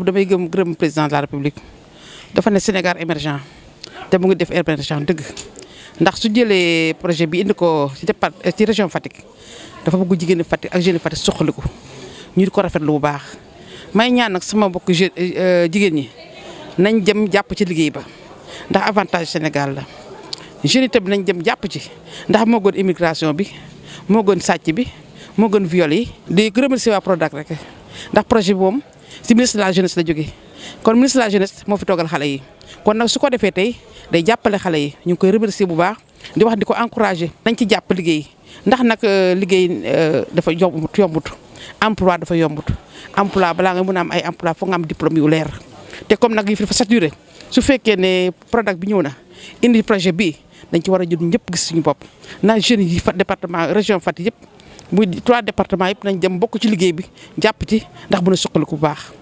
damay gëm gërëm président de la république dafa né Sénégal émergent té mu ngi def émergent dëgg ndax su jëlé projet bi indi ko ci départ euh, ci région Fatick dafa bëgg jigéne Fatick ak jeune Fatick ko ñu di ko rafetlu bu baax. may ñaan nak sama bokk jigéne euh, ñi nañ jëm japp ci liggéey ba ndax avantage Sénégal la jeune itam nañ jëm japp ci ndax mo gën immigration bi mo gën sacc bi mo gën viol yi. di gërëmal ci wa Prodac rek ndax projet bi moom si ministre la jeunesse la jógee kon ministre de jeunesse moo fi toogal xale yi kon nag su ko defee tey day jàppale xale yi ñu ngi koy remercier bu baax di wax di ko encourager nañ ci jàpp liggéey ndax nag euh, liggéey euh, dafa yombut yombut emploi dafa yombut emploi balaa nga mën am ay emploi foog nga am diplôme yu leer te comme nag yi fi dafa saturé su fekkee ne product bi ñëw na indi projet bi dañ ci war a jël ñëpp gis suñu bopp na jeunes yi fa département région Fatick yëpp muy trois départements yëpp nañ dem bokk ci liggéey bi jàpp ci ndax mën a suqaliku bu baax.